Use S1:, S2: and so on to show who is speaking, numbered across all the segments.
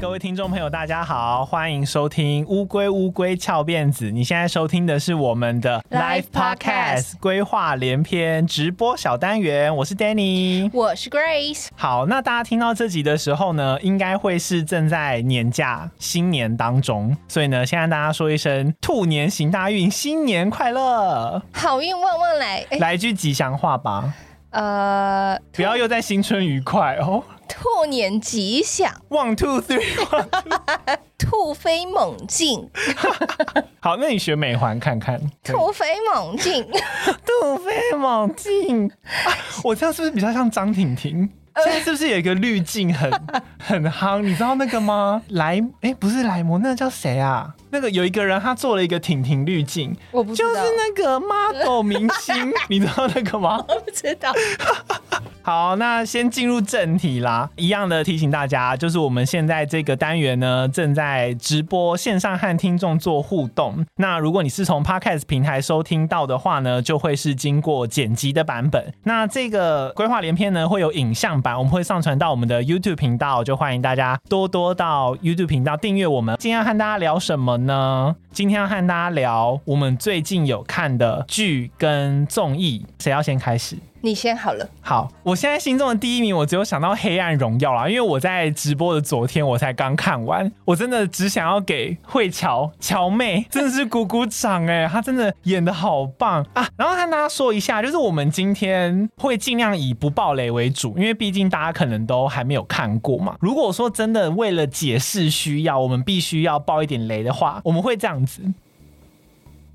S1: 各位聽眾朋友，大家好，歡迎收聽《烏龜烏龜翹辮子》。你現在收聽的是我們的 Live Podcast 龜話連篇直播小單元。我是 Danny，
S2: 我是 Grace。
S1: 好，那大家聽到這集的時候呢，應該會是正在年假、新年當中，所以呢，先跟大家說一聲兔年行大運，新年快樂，
S2: 好運旺旺來。來
S1: 一句吉祥話吧，
S2: 呃，
S1: 不要又在新春愉快哦。
S2: 兔年吉祥，one two three，兔飛猛進。
S1: 好，那你學美環看看，
S2: 兔飛猛進， 兔飛猛進、 啊。我這樣是不是比較像張婷婷、
S1: 呃？現在是不是有一個濾鏡很很夯？ 你知道那個嗎？萊哎、欸，不是萊摩，那個叫誰啊？那個有一個人，他做了一個婷婷濾鏡，我不知道，就是那個麻豆明星， 你知道那個嗎？我不知道。 好，那先進入正題啦。一樣的提醒大家，就是我們現在這個單元呢，正在直播線上和聽眾做互動。那如果你是從 Podcast 平台收聽到的話呢，就會是經過剪輯的版本。那這個龜話連篇呢會有影像版，我們會上傳到我們的 YouTube 頻道，就歡迎大家多多到 YouTube 頻道訂閱我們。今天要和大家聊什麼呢？今天要和大家聊我們最近有看的劇跟綜藝。誰要先開始？
S2: 你先好了，
S1: 好，我現在心中的第一名，我只有想到《黑暗榮耀》啦，因為我在直播的昨天，我才剛看完，我真的只想要給慧喬喬妹，真的是鼓鼓掌哎、欸，她真的演得好棒啊！然後和大家說一下，就是我們今天會盡量以不爆雷為主，因為畢竟大家可能都還沒有看過嘛。如果說真的為了解釋需要，我們必須要爆一點雷的話，我們會這樣子。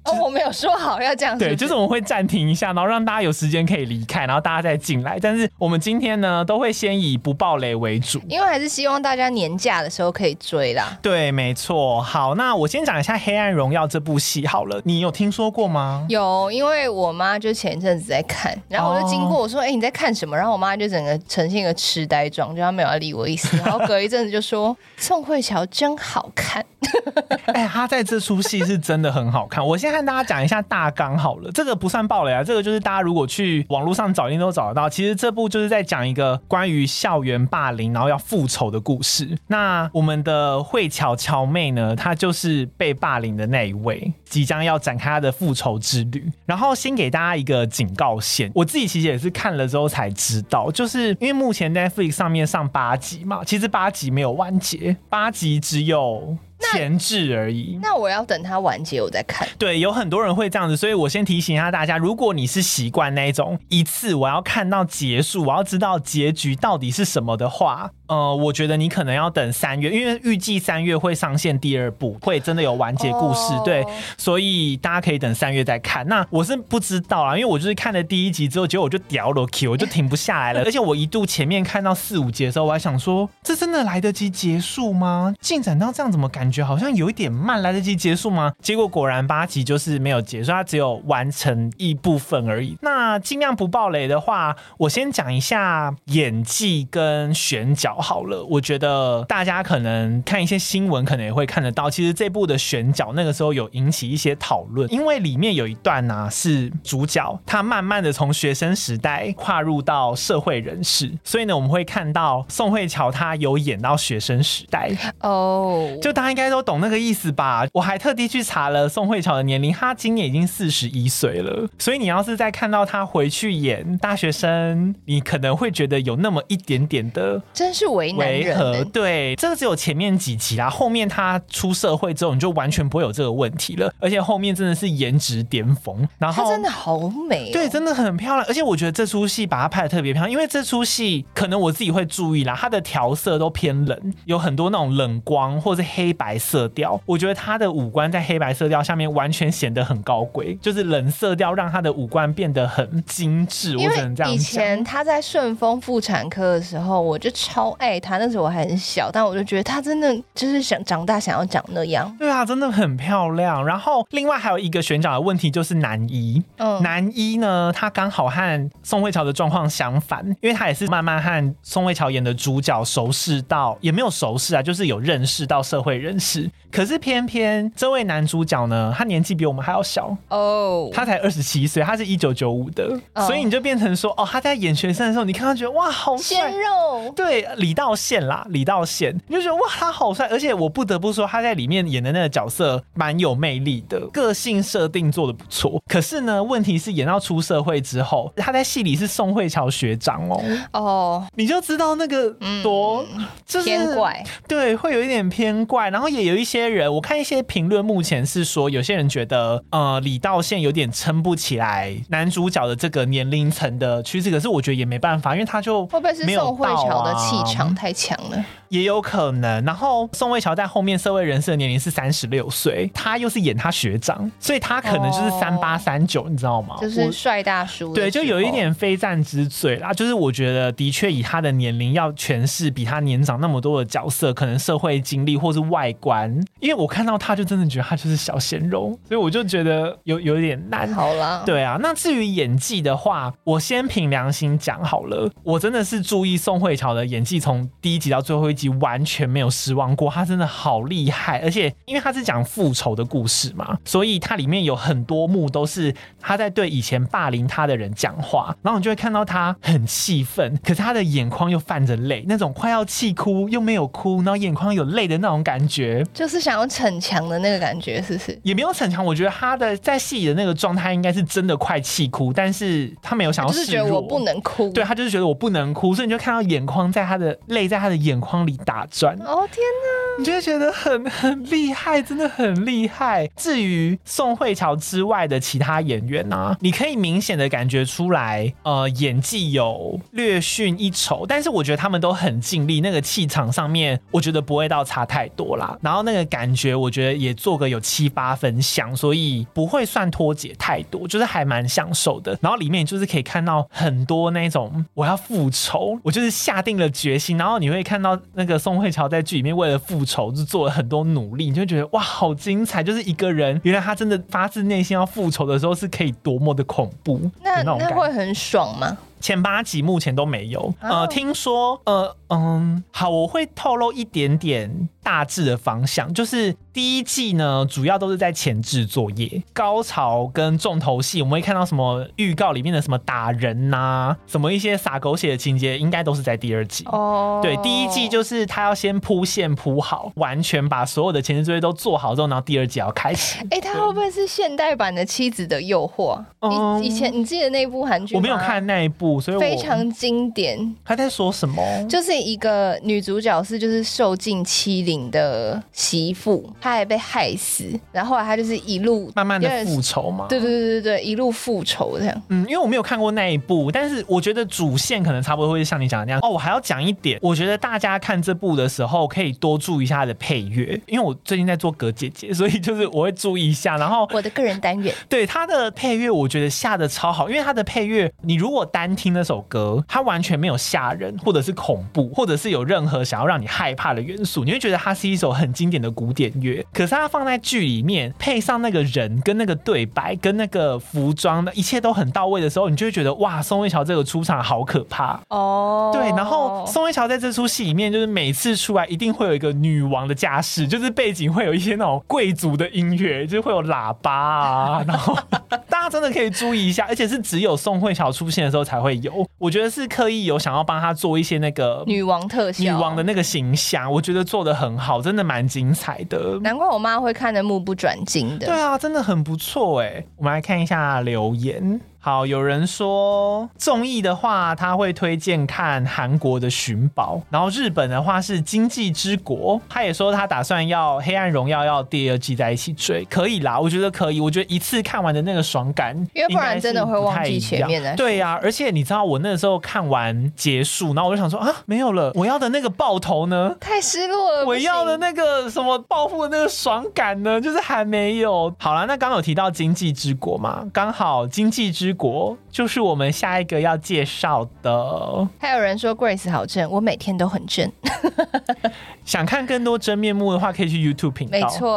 S2: 哦，我沒有說好要這樣子、就是。對，就是我
S1: 們會暫停一下，然後讓大家有時間可以離開，然後大家再進來。但是我們今天呢，都會先以不暴雷為主，
S2: 因為還是希望大家年假的時候可以追啦。
S1: 對，沒錯。好，那我先講一下《黑暗榮耀》這部戲好了。你有聽說過嗎？
S2: 有，因為我媽就前一陣子在看，然後我就經過我說：“哎、欸，你在看什麼？”然後我媽就整個呈現一個癡呆狀，就她沒有要理我意思。然後隔一陣子就說：“ 宋慧喬真好看。
S1: ”哎、欸，她在這出戲是真的很好看。我現在，跟大家講一下大綱好了，這個不算暴雷啊，這個就是大家如果去網絡上找，一定都找得到。其實這部就是在講一個關於校園霸凌，然後要復仇的故事。那我們的慧喬喬妹呢，她就是被霸凌的那一位，即將要展開她的復仇之旅。然後先給大家一個警告線，我自己其實也是看了之後才知道，就是因為目前 Netflix 上面上八集嘛，其實八集沒有完結，八集只有。前置而已。
S2: 那我要等它完結，我再看。
S1: 對，有很多人會這樣子，所以我先提醒一下大家：如果你是習慣那種一次我要看到結束，我要知道結局到底是什麼的話，呃，我覺得你可能要等三月，因為預計三月會上線第二部，會真的有完結故事。Oh. 對，所以大家可以等三月再看。那我是不知道啊，因為我就是看了第一集之後，結果我就掉了，我就停不下來了。 而且我一度前面看到四五集的時候，我還想說：這真的來得及結束嗎？進展到這樣怎麼感覺？感覺好像有一點慢，來得及結束嗎？結果果然八集就是沒有結束，他只有完成一部分而已。那盡量不爆雷的話，我先講一下演技跟選角好了。我覺得大家可能看一些新聞，可能也會看得到。其實這部的選角那個時候有引起一些討論，因為裡面有一段啊，是主角他慢慢的從學生時代跨入到社會人士，所以呢我們會看到宋慧喬她有演到學生時代哦，就大。應該都懂那個意思吧？我還特地去查了宋慧喬的年齡，她今年已經四十一歲了。所以你要是再看到她回去演大學生，你可能會覺得有那麼一點點的違和，
S2: 真是為難人。
S1: 對，這個只有前面幾集啦，後面她出社會之後，你就完全不會有這個問題了。而且後面真的是顏值巔峰，然後他真的
S2: 好美
S1: 哦，對，真的很漂亮。而且我覺得這出戲把她拍的特別漂亮，因為這出戲可能我自己會注意啦，她的調色都偏冷，有很多那種冷光或者黑白。白色調，我覺得他的五官在黑白色調下面完全顯得很高貴，就是冷色調讓他的五官變得很精致。我只能這樣。以前
S2: 他在順豐婦產科的時候，我就超愛他，那時候我還很小，但我就覺得他真的就是想長大，想要長那樣。
S1: 對啊，真的很漂亮。然後另外還有一個選角的問題就是男一，嗯，男一呢，他剛好和宋慧喬的狀況相反，因為他也是慢慢和宋慧喬演的主角熟識到，也沒有熟識啊，就是有認識到社會人。是，可是偏偏這位男主角呢，他年紀比我們還要小哦，oh. 他才二十七歲，他是一九九五的，oh. 所以你就變成說哦，他在演學生的時候，你看他覺得哇，好鮮肉，對，李道憲啦，李道憲，你就覺得哇，他好帥，而且我不得不說，他在裡面演的那個角色蠻有魅力的，個性設定做的不錯。可是呢，問題是演到出社會之後，他在戲裡是宋慧喬學長哦，哦、
S2: oh.，你就知道那個多、嗯就是、偏怪，
S1: 對，會有一點偏怪，然後。也有一些人，我看一些評論，目前是說有些人覺得，呃，李道憲有點撐不起來男主角的這個年齡層的趨勢。可是我覺得也沒辦法，因為他就、啊、會不會是宋慧喬的氣場
S2: 太強了？
S1: 也有可能。然後宋慧喬在後面社會人士的年齡是三十六歲，他又是演他學長，所以他可能就是三八三九，你知道嗎？就是
S2: 帥大叔。對，就有一點
S1: 非戰之罪啦。就是我覺得的確以他的年齡要詮釋比他年長那麼多的角色，可能社會經歷或是外觀，因為我看到他就真的覺得他就是小鮮肉，所以我就覺得有有點爛。好了，對啊。那至於演技的話，我先憑良心講好了，我真的是注意宋慧喬的演技從第一集到最後。己完全沒有失望過，他真的好厲害，而且因為他是講復仇的故事嘛，所以他裡面有很多幕都是他在對以前霸凌他的人講話，然後你就會看到他很氣憤，可是他的眼眶又泛着淚，那種快要氣哭又沒有哭，然後眼眶有淚的那種感覺，
S2: 就是想要逞強的那個感覺，是不是？
S1: 也沒有逞強，我覺得他的在戲裡的那個狀態應該是真的快氣哭，但是他沒有想要，就是覺得我不能哭，對，他就是覺得我不能哭，所以你就看到眼眶在他的淚在他的眼眶裡面裡打轉，
S2: 哦，天哪，你就會覺得很很厲
S1: 害，真的很厲害。至於宋慧喬之外的其他演員啊，你可以明顯的感覺出來，呃，演技有略遜一籌，但是我覺得他們都很盡力，那個氣場上面，我覺得不會到差太多啦。然後那個感覺，我覺得也做個有七八分像，所以不會算脫節太多，就是還蠻享受的。然後裡面就是可以看到很多那種我要復仇，我就是下定了決心，然後你會看到。那個宋慧喬在劇裡面為了復仇，就做了很多努力，你就會覺得哇，好精彩！就是一個人，原來他真的發自內心要復仇的時候，是可以多麼的恐怖。那那，那會
S2: 很爽嗎？
S1: 前八集目前都沒有。
S2: Oh. 呃，聽說，
S1: 呃，嗯，好，我會透露一點點大致的方向，就是第一季呢，主要都是在前置作業，高潮跟重頭戲，我們會看到什麼預告裡面的什麼打人吶、啊，什麼一些撒狗血的情節，應該都是在第二季。
S2: 哦、oh.，對，第一季
S1: 就是他要先鋪線鋪好，完全把所有的前置作業都做好之後，然後第二季要開始。
S2: 哎、欸，他會不會是現代版的妻子的誘惑？以、嗯、以前你記得那部韓劇？我沒有看那一部。所以我非常經典，他在說什麼？就是一個女主角是就是受盡欺凌的媳婦，她也被害死，然後後來她就是一路慢慢的復仇嘛。對對對對對，一路復仇這樣。
S1: 嗯，因為我沒有看過那一部，但是我覺得主線可能差不多會像你講的那樣。哦，我還要講一點，我覺得大家看這部的時候可以多注意一下他的配樂，因為我最近在做格姐姐，所以就是我會注意一下。然後我的個人單元，對他的配樂，我覺得下得超好，因為他的配樂，你如果單。聽那首歌，它完全沒有嚇人，或者是恐怖，或者是有任何想要讓你害怕的元素。你會覺得它是一首很經典的古典樂。可是它放在劇裡面，配上那個人跟那個對白，跟那個服裝，那一切都很到位的時候，你就會覺得哇，宋慧喬這個出場好可怕哦。Oh. 對，然後宋慧喬在這出戲裡面，就是每次出來一定會有一個女王的架勢，就是背景會有一些那種貴族的音樂，就是會有喇叭啊，然後。 他真的可以注意一下，而且是只有宋慧喬出現的時候才會有，我覺得是刻意有想要幫她做一些那個
S2: 女王特效，女王的
S1: 那個形象，我覺得做得很好，真的蠻精彩的。
S2: 難怪我媽會看得目不轉睛的。對啊，
S1: 真的很不錯哎。我們來看一下留言。好，有人說綜藝的話，他會推薦看韓國的《尋寶》，然後日本的話是《今際之國》，他也說他打算要《黑暗榮耀》要第二季在一起追，可以啦，我覺得可以，我覺得一次看完的那個爽感，因為不然真的會忘記前面的。對呀、啊，而且你知道我那個時候看完結束，然後我就想說啊，沒有了，我要的那個爆頭呢，
S2: 太失落了，我要的那個
S1: 什麼報復的那個爽感呢，就是還沒有。好了，那剛有提到《今際之國》嘛，剛好《今際之》。國就是我們下一個要介紹的。
S2: 還有人說 Grace 好正，我每天都很正。
S1: 想看更多真面目的話，可以去 YouTube 頻道。沒錯，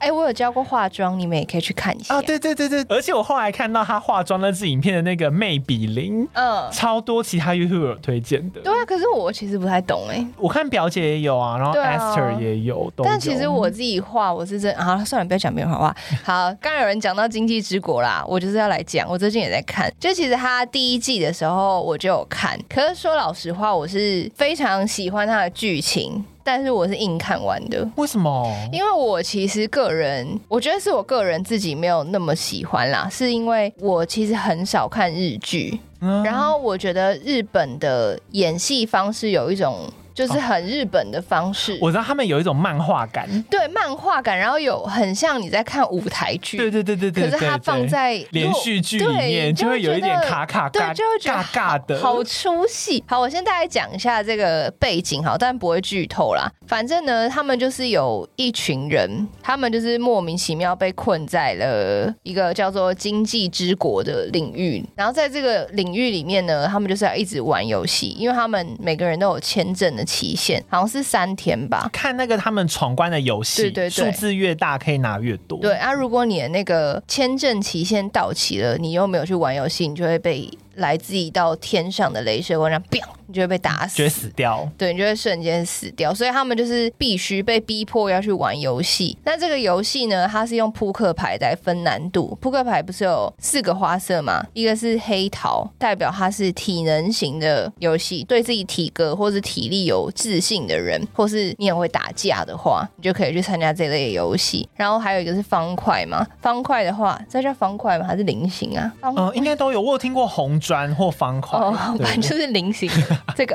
S2: 哎、欸，我有教過化妝， 你們也可以去看一下。啊、哦，對對對對，而且我後來看到他化妝那
S1: 支影片的那個 Maybelline 嗯，超多其他 YouTuber 推薦
S2: 的。對啊，可是我其實不太懂哎、欸。
S1: 我看表姐也有啊，然後 Esther 也有、啊、有，但其實我
S2: 自己畫我是真……好、啊，算了，不要講別人壞話。好，剛有人講到今際之國啦，我就是要來講。我最近也在看，就其實他第一季的時候我就有看，可是說老實話，我是非常喜歡他的劇情，但是我是硬看完的。為什麼？因為我其實個人，我覺得是我個人自己沒有那麼喜歡啦，是因為我其實很少看日劇，嗯，然後我覺得日本的演戲方式有一種。就是很日本的方式，哦，我知
S1: 道他們有一種漫畫感，
S2: 對漫畫感，然後有很像你在看舞台劇，對
S1: 對對對對，可是它放在對對對連續劇裡面就會，就會有一點卡卡，對，就會覺得尬尬的，好
S2: 出戲。好，我先大概講一下這個背景哈，但不會劇透啦。反正呢，他們就是有一群人，他們就是莫名其妙被困在了一個叫做今際之國的領域，然後在這個領域裡面呢，他們就是要一直玩遊戲，因為他們每個人都有簽證的。期限好像是三天吧，看那個他們闖關的遊戲，對對對，數字
S1: 越大可以拿越多。
S2: 對啊，如果你的那個簽證期限到期了，你又沒有去玩遊戲，你就會被。來自一道天上的鐳射光，讓你就會被打死，
S1: 就會死掉，
S2: 對，你就會瞬間死掉。所以他們就是必須被逼迫要去玩遊戲。那這個遊戲呢？它是用撲克牌來分難度。撲克牌不是有四個花色嗎？一個是黑桃，代表它是體能型的遊戲，對自己體格或是體力有自信的人，或是你很會打架的話，你就可以去參加這類遊戲。然後還有一個是方塊嘛？方塊的話，這叫方塊嗎？還是菱形啊？方塊、呃。應該都有。我有聽過紅。磚或方塊，反、oh, 正就是菱形。 這個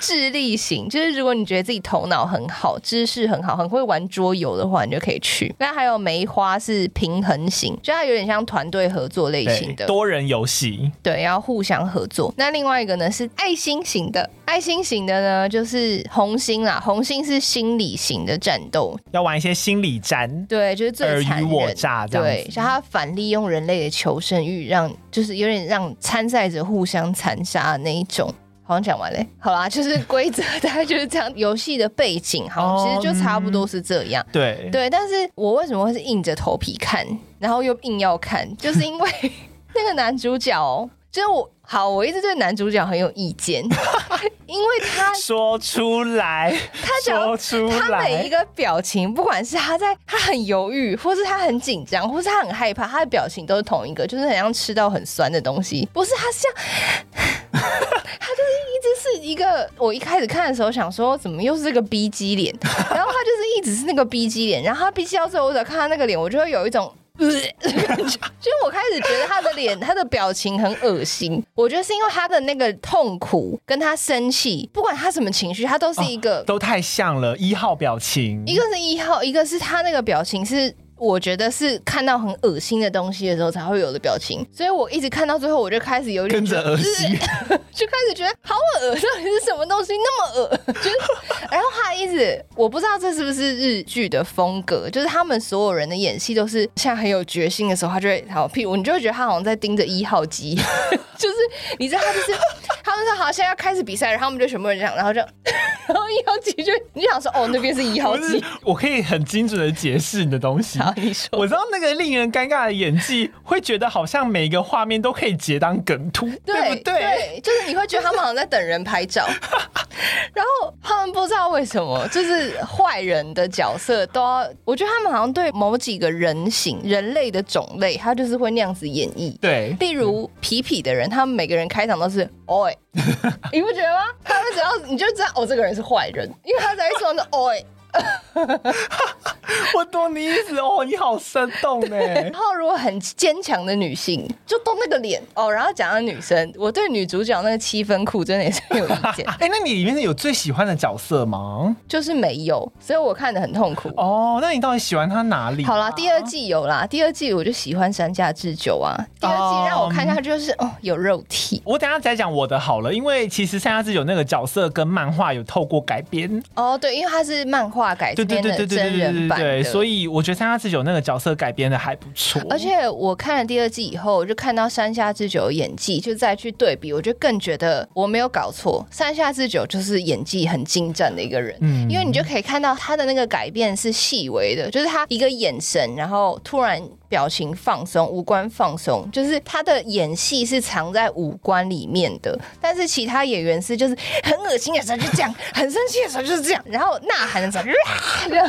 S2: 智力型，就是如果你覺得自己頭腦很好、知識很好、很會玩桌遊的話，你就可以去。那還有梅花是平衡型，就它有點像團隊合作類型的多
S1: 人遊戲，
S2: 對，要互相合作。那另外一個呢是愛心型的，愛心型的呢就是紅心啦，紅心是心理型的戰鬥，
S1: 要玩一些心理戰，
S2: 對，就是爾虞我詐這樣。對，像它反利用人類的求生欲，讓就是有點讓參賽。互相殘殺的那一種，好像講完嘞。好啦，就是規則， 大概就是這樣。遊戲的背景好，好、oh, 像其實就差不多是這樣。嗯、對對，但是我為什麼會是硬着頭皮看，然後又硬要看，就是因為 那個男主角。就我好，我一直對男主角很有意見， 因為他說出來，他講他每一個表情，不管是他在，他很猶豫，或是他很緊張，或是他很害怕，他的表情都是同一個，就是很像吃到很酸的東西。不是他像， 他就是一直是一個。我一開始看的時候想說，怎麼又是這個 BG 臉？ 然後他就是一直是那個 BG 臉。然後他 BG 到最後，我只要看他那個臉，我就會有一種。不是，就 是我開始覺得他的臉， 他的表情很噁心。我覺得是因為他的那個痛苦，跟他生氣，不管他什麼情緒，他都是一個、哦、
S1: 都太像了。一號表情，
S2: 一個是一號，一個是他那個表情是。我覺得是看到很噁心的東西的時候才會有的表情，所以我一直看到最後，我就開始有點跟着噁心，就開始覺得好噁心、心，到底是什麼東西那麼噁 就是，然後他一直，我不知道這是不是日劇的風格，就是他們所有人的演戲都是像很有決心的時候，他就會好屁，股，你就會覺得他好像在盯着一號機，就是你知道，他就是。他們說好，現在要開始比賽，然後我們就全部人這樣然後就然後一號機就你就想說哦，那邊是一號機，
S1: 我可以很精準的解釋你的東西。我知道那個令人尷尬的演技， 會覺得好像每一個畫面都可以截當梗圖，
S2: 對不對，對？就是你會覺得他們好像在等人拍照， 然後他們不知道為什麼，就是壞人的角色都要，我覺得他們好像對某幾個人形人類的種類，他就是會那樣子演繹。對，例如皮皮的人，嗯、他們每個人開場都是哦、欸。 你不覺得嗎？他們只要你就知道哦，這個人是壞人，因為他才會說。玩 的哦、欸。 我懂你意思哦，你好生動哎。然後如果很堅強的女性，就動那個臉哦。然後講到女生，我對女主角那個七分褲真的也是有意
S1: 見。哎、 欸，那你裡面有最喜歡
S2: 的角色嗎？就是沒有，所以我看的很痛苦哦。Oh, 那你到底喜歡他哪裡、啊？好啦，第二季有啦。第二季我就喜歡山下智久啊。第二季讓我看一下，就是、um, 哦，有肉體。
S1: 我等下再講我的好了，因為其實山下智久那個角色跟漫畫有透過改編
S2: 哦。Oh, 對，因為他是漫畫。對對對對對對對，所
S1: 以我覺得山下智久那個角色改編的還不錯，而
S2: 且我看了第二季以後，我就看到山下智久演技，就再去對比，我就更覺得我沒有搞錯，山下智久就是演技很精湛的一個人，嗯，因為你就可以看到他的那個改變是細微的，就是他一個眼神，然後突然。表情放鬆，五官放鬆，就是他的演戲是藏在五官裡面的。但是其他演員是，就是很噁心的時候就這樣，很生氣的時候就是這樣，然後吶喊的時候這樣，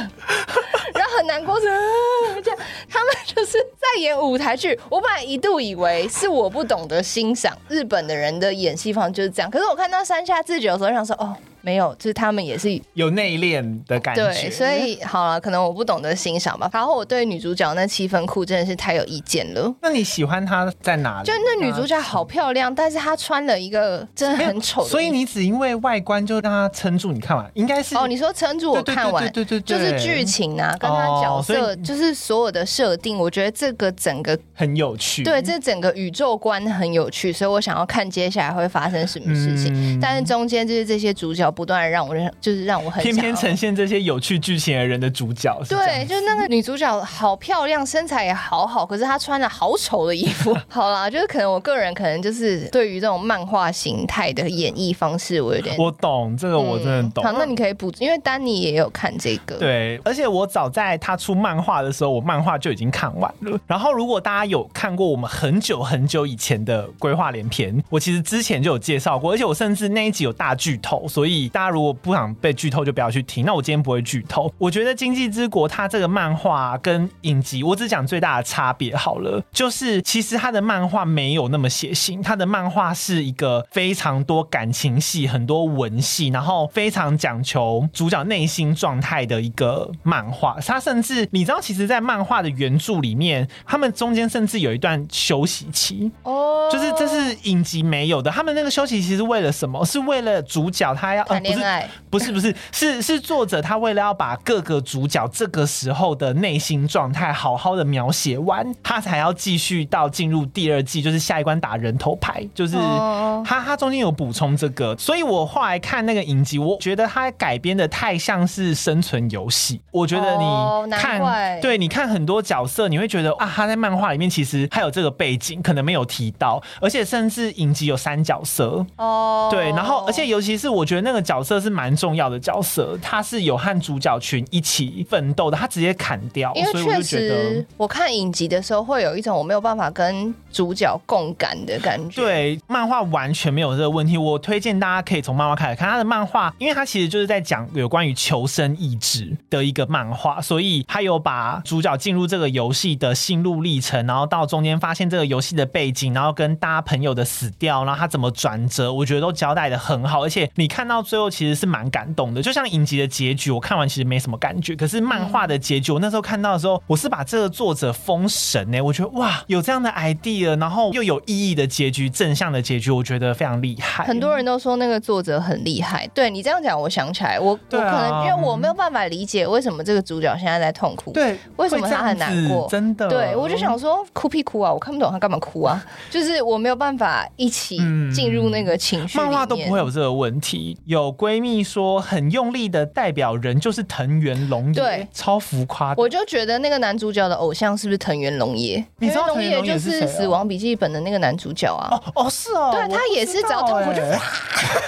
S2: 然後很難過的時候這樣。他們就是在演舞台劇。我本來一度以為是我不懂得欣賞日本的人的演戲方式就是這樣，可是我看到山下智久的時候，我想說哦。沒有，就是他們也是
S1: 有內斂的感覺。對，所以
S2: 好了、啊，可能我不懂得欣賞吧。然後我對女主角那七分褲真的是太有意見了。哦、
S1: 那你喜歡她在哪
S2: 裡？就那女主角好漂亮，是但是她穿了一個真的很醜。所以你
S1: 只因為外觀就讓她撐住？你看完應
S2: 該是哦？你說撐住我看完？對對對，對，對，對，對，對，就是劇情啊，哦、跟她角色，所以就是所有的設定，我覺得這個整個很有趣。對，這整個宇宙觀很有趣，所以我想要看接下來會發生什麼事情。嗯、但是中間就是這些主角。不斷的讓我認，就是讓我很偏偏呈
S1: 現這些有趣劇情的人的主角，對，
S2: 就是那個女主角好漂亮，身材也好好，可是她穿的好醜的衣服。 好啦，就是可能我個人可能就是對於這種漫畫形態的演繹方式，我有點我
S1: 懂這個，我真的懂、嗯。好，那
S2: 你可以補、嗯，因為丹尼也有看這個。對，而且我早在他出漫畫的
S1: 時候，我漫畫就已經看完了。然後，如果大家有看過我們很久很久以前的《龜話連篇》，我其實之前就有介紹過，而且我甚至那一集有大劇透，所以。大家如果不想被劇透，就不要去聽。那我今天不會劇透。我覺得《今際之國》它這個漫畫跟影集，我只講最大的差別好了。就是其實它的漫畫沒有那麼血腥，它的漫畫是一個非常多感情戲、很多文戲，然後非常講求主角內心狀態的一個漫畫。它甚至你知道，其實，在漫畫的原著裡面，他們中間甚至有一段休息期哦，就是這是影集沒有的。他們那個休息期是為了什麼？是為了主角他要。不、呃、是，不是，不是,不是， 是是作者他為了要把各個主角這個時候的內心狀態好好的描寫完，他才要繼續到進入第二季，就是下一關打人頭牌，就是他、oh. 他中間有補充這個，所以我後來看那個影集，我覺得他改編的太像是生存遊戲。我覺得你看、oh,，對，你看很多角色，你會覺得啊，他在漫畫裡面其實還有這個背景可能沒有提到，而且甚至影集有三角色哦
S2: ，oh. 對，然
S1: 後而且尤其是我覺得那個。角色是蠻重要的角色，他是有和主角群一起奮鬥的，他直接砍掉，因為確實，所以我就覺
S2: 得我看影集的時候，會有一種我沒有辦法跟主角共感的感覺。
S1: 對，漫畫完全沒有這個問題。我推薦大家可以從漫畫開始看，他的漫畫，因為他其實就是在講有關於求生意志的一個漫畫，所以他有把主角進入這個遊戲的心路歷程，然後到中間發現這個遊戲的背景，然後跟大家朋友的死掉，然後他怎麼轉折，我覺得都交代得很好，而且你看到。最後其實是蠻感動的，就像影集的結局，我看完其實沒什麼感覺。可是漫畫的結局、嗯，我那時候看到的時候，我是把這個作者封神呢、欸。我覺得哇，有這樣的 idea，然後又有意義的結局，正向的結局，我覺得非常厲害。
S2: 很多人都說那個作者很厲害。對，你這樣講，我想起來，我、啊嗯、我可能因為我沒有辦法理解為什麼這個主角現在在痛哭，對，為什麼他很難過？真的，對，我就想說哭屁哭啊，我看不懂他幹嘛哭啊、嗯，就是我沒有辦法一起進入那個情緒。漫畫都不會有
S1: 這個問題。有。有閨蜜說很用力的代表人就是藤原龍也，對，超浮誇。
S2: 我就覺得那個男主角的偶像是不是藤原龍也？藤原龍也就是、啊《死亡筆記本》的那個男主角啊。哦，是哦，是啊、對他也是、欸、只要痛苦就 他，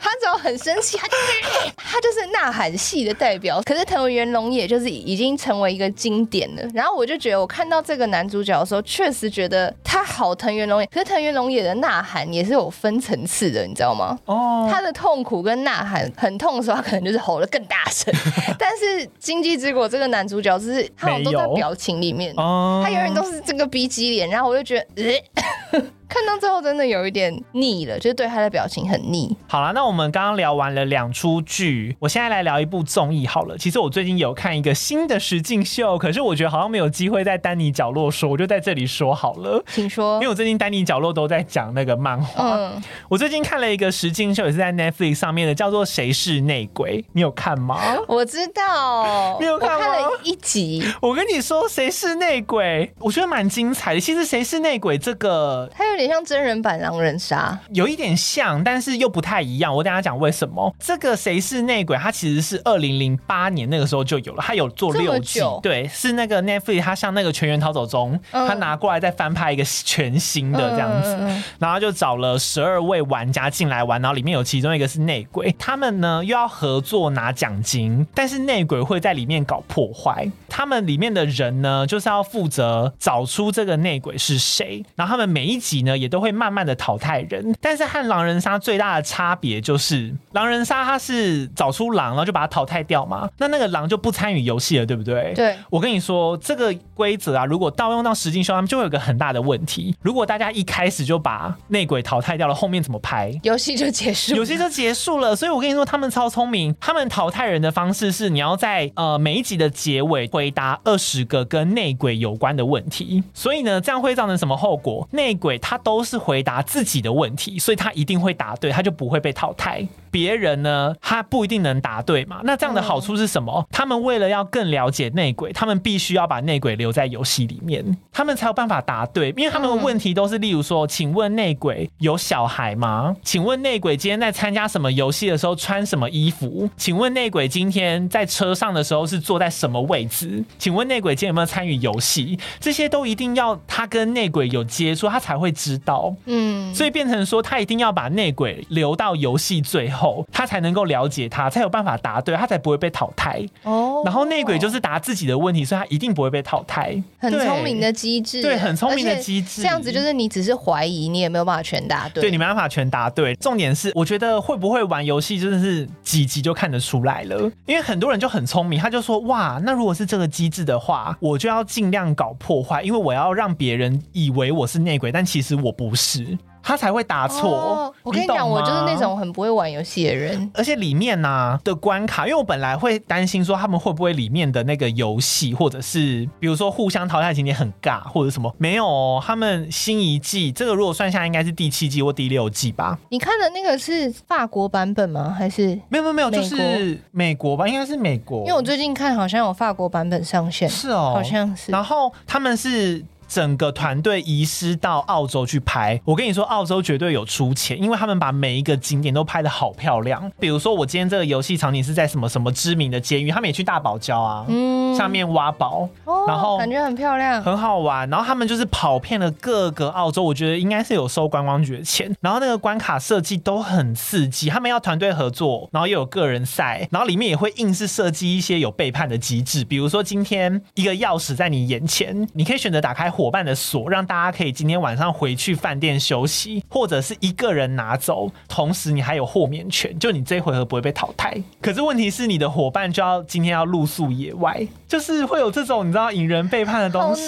S2: 他只要很生氣他就、呃， 他就是吶、呃、喊戲的代表。可是藤原龍也就是已經成為一個經典了。然後我就覺得我看到這個男主角的時候，確實覺得他好藤原龍也。可是藤原龍也的吶、呃、喊也是有分層次的，你知道嗎？哦、oh.，他的痛苦。跟吶喊很痛的時候，他可能就是吼得更大聲。 但是《今際之國》這個男主角，就是他好像都在表情裡面，有他永遠都是這個逼急臉， 然後我就覺得，呃 看到最後真的有一點膩了，就是對他的表情很膩。
S1: 好啦，那我們剛剛聊完了兩齣劇，我現在來聊一部綜藝好了。其實我最近有看一個新的實境秀，可是我覺得好像沒有機會在丹尼角落說，我就在這裡說好了，請說。因為我最近丹尼角落都在講那個漫畫。嗯，我最近看了一個實境秀，也是在 Netflix 上面的，叫做《誰是內鬼》。你有看嗎？
S2: 我知道，你 有看嗎？看了一集。我跟你
S1: 說，《誰是內鬼》我覺得蠻精彩的。其實《誰是內鬼》這個，他
S2: 有有點像真人版《狼人殺》，
S1: 有一點像，但是又不太一樣。我等下講為什麼。這個誰是內鬼，他其實是二零零八年那個時候就有了，他有做六集。對，是那個 Netflix，他像那個《全員逃走中》、嗯，他拿過來再翻拍一個全新的這樣子。嗯嗯嗯嗯，然後就找了十二位玩家進來玩，然後裡面有其中一個是內鬼，他們呢又要合作拿獎金，但是內鬼會在裡面搞破壞。他們裡面的人呢，就是要負責找出這個內鬼是誰。然後他們每一集。呢，也都會慢慢的淘汰人，但是和狼人殺最大的差別就是，狼人殺他是找出狼然後就把他淘汰掉嘛，那那個狼就不參與遊戲了，對不對？對，我跟你說這個規則啊，如果盜用到實境秀，他們就會有個很大的問題，如果大家一開始就把內鬼淘汰掉了，後面怎麼拍？遊戲就結束了，遊戲就結束了。所以我跟你說，他們超聰明，他們淘汰人的方式是你要在呃每一集的結尾回答二十個跟內鬼有關的問題，所以呢，這樣會造成什麼後果？內鬼他。他都是回答自己的問題，所以他一定會答對，他就不會被淘汰。別人呢，他不一定能答對嘛。那這樣的好處是什麼？嗯。他們為了要更了解內鬼，他們必須要把內鬼留在遊戲裡面，他們才有辦法答對。因為他們的問題都是例如說，請問內鬼有小孩嗎？請問內鬼今天在參加什麼遊戲的時候穿什麼衣服？請問內鬼今天在車上的時候是坐在什麼位置？請問內鬼今天有沒有參與遊戲？這些都一定要他跟內鬼有接觸，他才會。知道，嗯，所以變成說，他一定要把內鬼留到遊戲最後，他才能夠了解他，才有辦法答對，他才不會被淘汰。哦，然後內鬼就是答自己的問題，所以他一定不會被淘汰。
S2: 很聰明的機制。對，很聰明的機制。這樣子就是你只是懷疑，你也沒有辦法全答對，對，你
S1: 沒辦法全答對。重點是，我覺得會不會玩遊戲，真的是幾集就看得出來了。因為很多人就很聰明，他就說，哇，那如果是這個機制的話，我就要盡量搞破壞，因為我要讓別人以為我是內鬼，但其實。我不是，他才會答錯。哦。我跟你講，我就是那種很
S2: 不會玩遊戲的人。
S1: 而且裡面呢、啊、的關卡，因為我本來會擔心說他們會不會裡面的那個遊戲，或者是比如說互相淘汰情節很尬，或者什麼？沒有，他們新一季這個如果算下，應該是第七季或第六季吧？
S2: 你看的那個是法國版本嗎？還是沒有沒有沒有，就是
S1: 美國吧？應該是美國。因為我
S2: 最近看，好像有法國版本上線。是哦？好像是。然
S1: 後他們是。整個團隊移師到澳洲去拍，我跟你說，澳洲絕對有出錢，因為他們把每一個景點都拍得好漂亮。比如說，我今天這個遊戲場景是在什麼什麼知名的監獄，他們也去大堡礁啊。嗯。下面挖寶，
S2: 然後感覺很漂亮，很
S1: 好玩。然後他們就是跑遍了各個澳洲，我覺得應該是有收觀光局的錢。然後那個關卡設計都很刺激，他們要團隊合作，然後又有個人賽，然後裡面也會硬是設計一些有背叛的機製，比如說今天一個鑰匙在你眼前，你可以選擇打開夥伴的鎖，讓大家可以今天晚上回去飯店休息，或者是一個人拿走，同時你還有豁免權，就你這一回合不會被淘汰。可是問題是你的夥伴就要今天要露宿野外。就是會有這種你知道引人背叛的東西，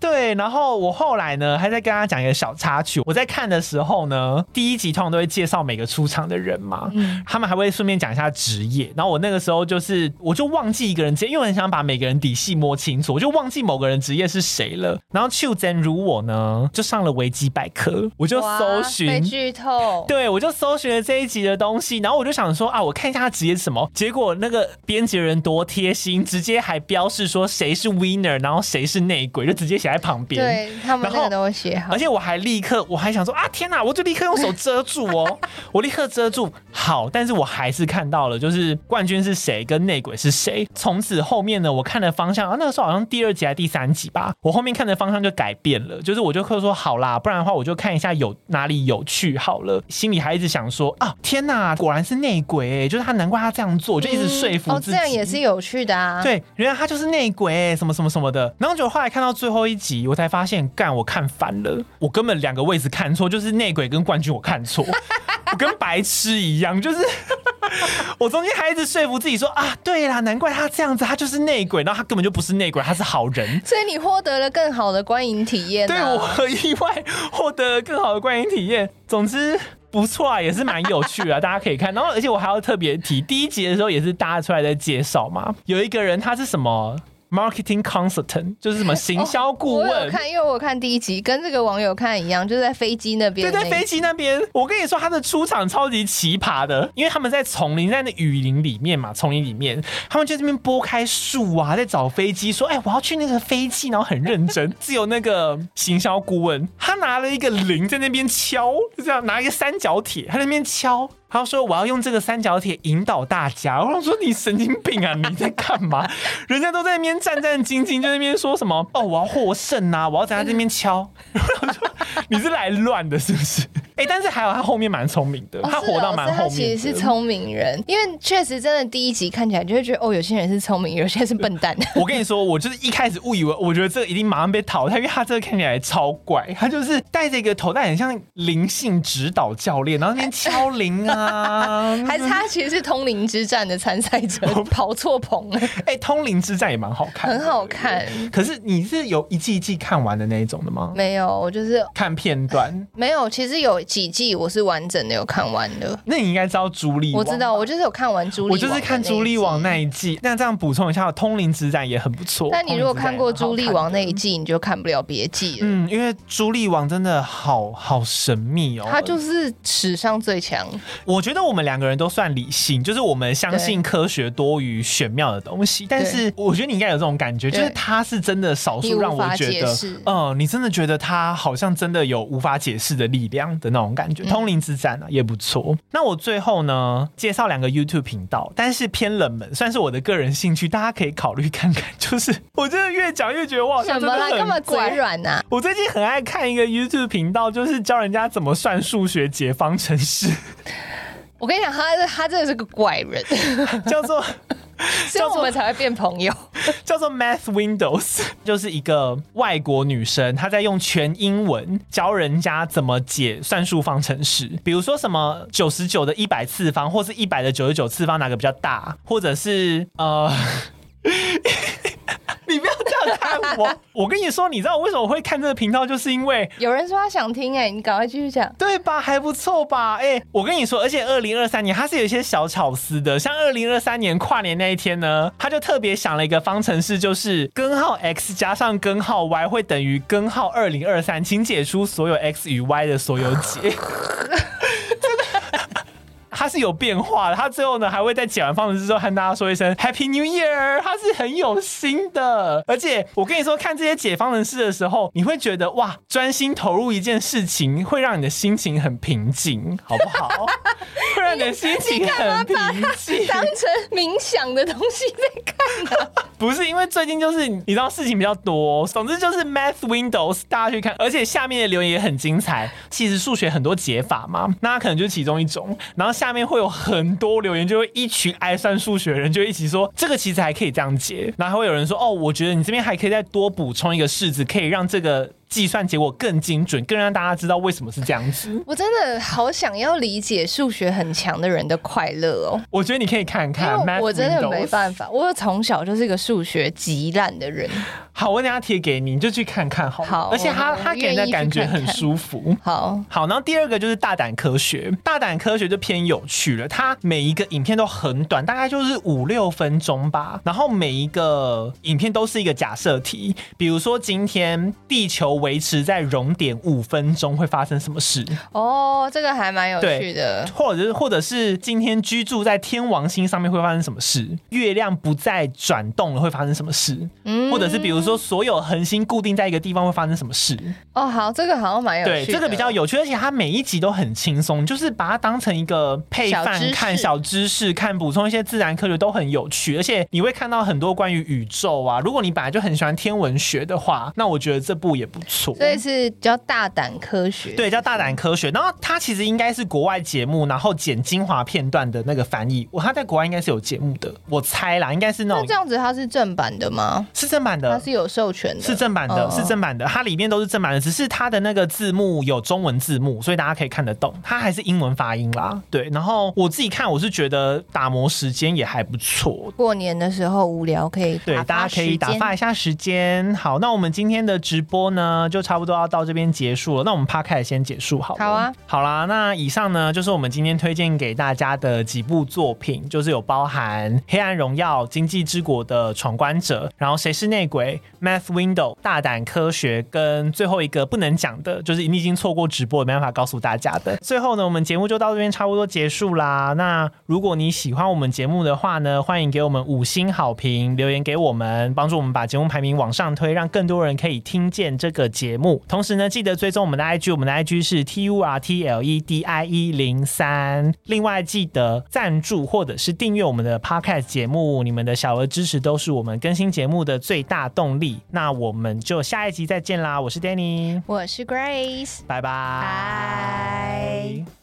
S1: 對。然後我後來呢還在跟他講一個小插曲。我在看的時候呢，第一集通常都會介紹每個出場的人嘛，他們還會順便講一下職業。然後我那個時候就是我就忘記一個人職業，因為很想把每個人底細摸清楚，我就忘記某個人職業是誰了。然後求真如我呢，就上了維基百科，我就搜尋劇透，對，我就搜尋了這一集的東西。然後我就想說啊，我看一下他職業是什麼。結果那個編輯的人多貼心，直接。還標示說誰是 winner，然後誰是內鬼，就直接寫在旁邊。對，
S2: 他們那個都寫好後，而且我還立刻，我還想
S1: 說啊，天哪！我就立刻用手遮住哦， 我立刻遮住。好，但是我還是看到了，就是冠軍是誰，跟內鬼是誰。從此後面呢，我看的方向，啊，那個時候好像第二集還是第三集吧，我後面看的方向就改變了，就是我就會說好啦，不然的話我就看一下有哪裡有趣好了。心裡還一直想說啊，天哪，果然是內鬼，就是他，難怪他這樣做，嗯、就一直說服自己哦，這樣也是
S2: 有趣的啊，對。
S1: 原來他就是內鬼、欸，什麼什麼什麼的。然後就後來看到最後一集，我才發現，幹，我看反了，我根本兩個位置看錯，就是內鬼跟冠軍，我看錯， 我跟白痴一樣，就是。 我中間還一直說服自己說啊，對啦，難怪他這樣子，他就是內鬼。然後他根本就不是內鬼，他是好人。
S2: 所以你獲得了更好的觀影體驗、啊，對我
S1: 意外獲得了更好的觀影體驗。總之。不錯啊，也是蠻有趣的、啊， 大家可以看。然後，而且我還要特別提，第一集的時候也是搭出來的介紹嘛，有一個人他是什麼？Marketing consultant 就是什麼行銷顧問，哦、我有看，
S2: 因為我看第一集跟這個網友看一樣，就是在飛機那邊。對，在飛機
S1: 那邊，我跟你說他的出場超級奇葩的，因為他們在叢林，在那雨林裡面嘛，叢林裡面，他們就這邊撥開樹啊，在找飛機，說：“哎、欸，我要去那個飛機。”然後很認真， 只有那個行銷顧問，他拿了一個鈴在那邊敲，就這樣拿一個三角鐵，他在那邊敲。他說：“我要用這個三角鐵引導大家。”然後他說：“你神經病啊！你在幹嘛？ 人家都在那邊戰戰兢兢，就在那邊說什麼？哦，我要獲勝啊！我要在他這邊敲。 ”然後他說：“你是來亂的，是不是？”哎、欸，但是還有他後面蠻聰明的、哦，他活到蠻後面。哦、他其實是聰
S2: 明人，因為確實真的第一集看起來就會覺得哦，有些人是聰明，有些人是笨蛋。
S1: 我跟你說，我就是一開始誤以為，我覺得這個一定馬上被淘汰，因為他這個看起來超怪，他就是戴着一個頭戴，很像
S2: 靈性指導教練，然後那邊敲鈴啊。 啊， 還是他其實是《通靈之戰》的參賽者，跑錯棚了。哎、 欸，《通靈之戰》也蠻好看，很好看。
S1: 可是你是有一季一季看完的那一種的嗎？
S2: 沒有，我就是
S1: 看片段、
S2: 呃。沒有，其實有幾季我是完整的有看完的。
S1: 那你應該知道《朱莉》，我知道，
S2: 我就是有看完《朱莉》，我就是看《朱莉
S1: 王》那一季。那這樣補充一下，《通靈之戰》也很不錯。但你如果看過《朱莉王》
S2: 那一季，你就看不了別季了。
S1: 嗯，因為《朱莉王》真的好好神秘哦，他就是
S2: 史上最強。
S1: 我覺得我們兩個人都算理性，就是我們相信科學多於玄妙的東西。但是我覺得你應該有這種感覺，就是他是真的少數讓我覺得，嗯、呃，你真的覺得他好像真的有無法解釋的力量的那種感覺。通靈之戰啊，嗯、也不錯。那我最後呢，介紹兩個 YouTube 頻道，但是偏冷門，算是我的個人興趣，大家可以考慮看看。就是我，就是越講越我真的越講越絕望。怎麼了？這麼拐軟
S2: 吶！我最近很
S1: 愛看一個 YouTube 頻道，就是教人家怎麼算數學解方程式。
S2: 我跟你講，他他真的是個怪人，叫做，所以 我們才會變朋友。 叫做 Math Window，
S1: 就是一個外國女生，她在用全英文教人家怎麼解算數方程式，比如說什麼九十九的一百次方，或是一百的九十九次方，哪個比較大，或者是呃。
S2: 你不要這樣看我！
S1: 我跟你說，你知道我為什麼會看這個頻道，就是因為
S2: 有人說他想聽。哎，你趕快繼續講，對吧？還不錯吧？哎，
S1: 我跟你說，而且二零二三年它是有一些小巧思的，像二零二三年跨年那一天呢，他就特別想了一個方程式，就是根號 x 加上根號 y 會等於根號二零二三，請解出所有 x 與 y 的所有解。 他是有變化的，他最後呢還會在解完方程式之後和大家說一聲 Happy New Year，他是很有心的。而且我跟你說，看這些解方程式的時候，你會覺得哇，專心投入一件事情會讓你的心情很平靜，好不好？會讓你的心情很平靜。 當
S2: 成冥想的東西在看、
S1: 啊。 不是，因為最近就是你知道事情比較多、哦，總之就是 Math Window 大家去看，而且下面的留言也很精彩。其實數學很多解法嘛，那可能就是其中一種。然後下。上面會有很多留言，就會一群愛算數學的人就一起說，這個其實還可以這樣解，然後還會有人說，哦，我覺得你這邊還可以再多補充一個式子，可以讓這個。計算結果更精準，更讓大家知道為什麼是這樣
S2: 子。我真的好想要理解數學很強的人的快樂哦。我覺得你可以看看，我真的沒辦法，Window，我又從小就是一個數學極爛的人。好，
S1: 我等下貼給你，你就去看看
S2: 好了。好，而且他他給人的感覺很舒服。看看好好，
S1: 然後第二個就是大膽科學，大膽科學就偏有趣了。它每一個影片都很短，大概就是五六分鐘吧。然後每一個影片都是一個假設題，比如說今天地球。維持在熔點五分鐘會發生什麼事？
S2: 哦，這個還蠻有趣的。
S1: 或者是，或者是今天居住在天王星上面會發生什麼事？月亮不再轉動了會發生什麼事？
S2: 嗯，或者是
S1: 比如說所有恆星固定在一個地方會發生什麼事？
S2: 哦，好，這個好像蠻有趣的。這個比較有
S1: 趣，而且它每一集都很輕鬆，就是把它當成一個配飯看小知識，看補充一些自然科學都很有趣。而且你會看到很多關於宇宙啊，如果你本來就很喜歡天文學的話，那我覺得這部也不錯。所
S2: 以是叫大膽科學是不是，對，
S1: 叫大膽科學。然後它其實應該是國外節目，然後剪精華片段的那個翻譯。我它在國外應該是有節目的，我猜啦，應該是那種。是這
S2: 樣子它是正版的嗎？是正版的，它是有授權的，是正版的、哦，是正
S1: 版的。它裡面都是正版的，只是它的那個字幕有中文字幕，所以大家可以看得懂。它還是英文發音啦，對。然後我自己看，我是覺得打磨時間也還不錯。
S2: 過年的時候無聊可以打發對，大家可以打發
S1: 一下時間。好，那我們今天的直播呢？嗯，就差不多要到這邊結束了。那我們趴開始先結束好了。好啊，好啦，那以上呢，就是我們今天推薦給大家的幾部作品，就是有包含《黑暗榮耀》、《今際之國》的闖關者，然後《誰是內鬼》、《Math Window》、《大膽科學》跟最後一個不能講的，就是你已經錯過直播，沒辦法告訴大家的。最後呢，我們節目就到這邊差不多結束啦。那如果你喜歡我們節目的話呢，歡迎給我們五星好評，留言給我們，幫助我們把節目排名往上推，讓更多人可以聽見這個的節目，同時呢，記得追蹤我們的 IG，我們的 IG 是 T U R T L E D I E 零三。另外，記得贊助或者是訂閱我們的 Podcast 節目，你們的小額支持都是我們更新節目的最大動力。那我們就下一集再見啦！我是 Danny，我是 Grace，拜拜。Bye bye bye